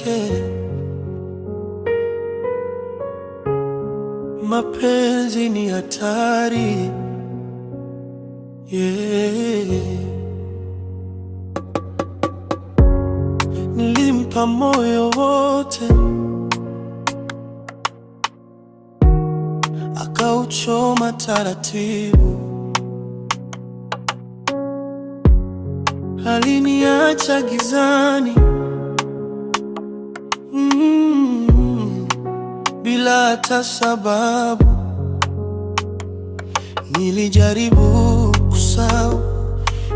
wake. Mapenzi ni hatari yeah. Nilimpa moyo wote akauchoma taratibu aliniacha gizani. bila hata sababu. Nilijaribu kusahau,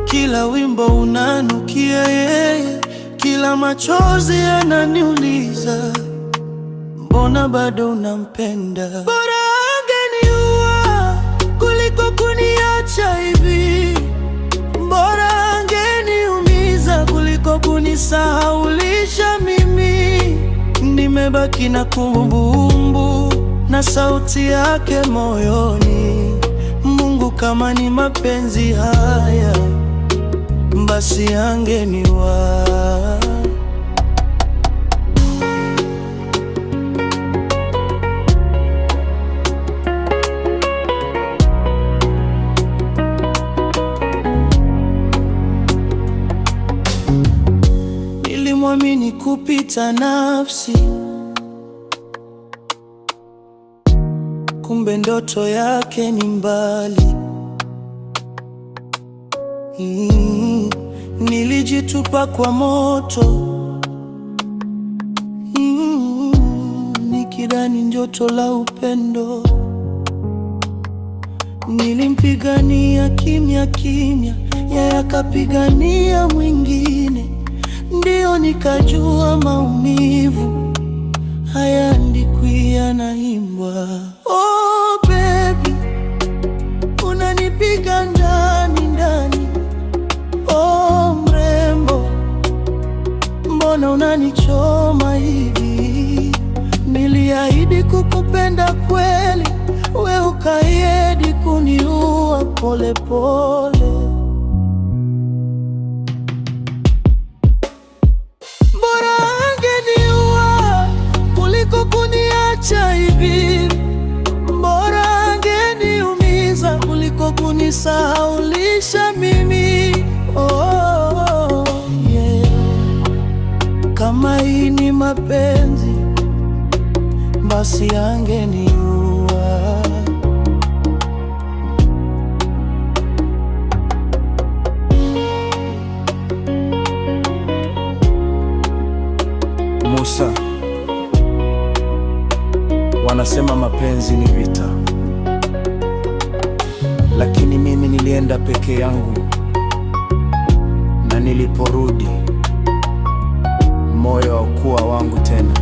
kila wimbo unanukia yeye, kila machozi yananiuliza, mbona bado unampenda? Bora angeniua kuliko kuniacha hivi, bora angeniumiza kuliko kunisahauli nimebaki na kumbumbu na sauti yake moyoni. Mungu, kama ni mapenzi haya, basi angeniwa nilimwamini kupita nafsi kumbe ndoto yake ni mbali. Mm, nilijitupa kwa moto mm, nikidhani njoto la upendo nilimpigania kimya kimya, yeye akapigania mwingine, ndiyo nikajua maumivu Niliahidi kukupenda kweli, we ukaahidi kuniua polepole. Bora angeniua kuliko kuniacha hivi, bora angeniumiza kuliko kunisaulisha mimi. Oh, yeah. Kama hii ni mapenzi basi angeniua. Musa, wanasema mapenzi ni vita, lakini mimi nilienda peke yangu, na niliporudi moyo kuwa wangu tena.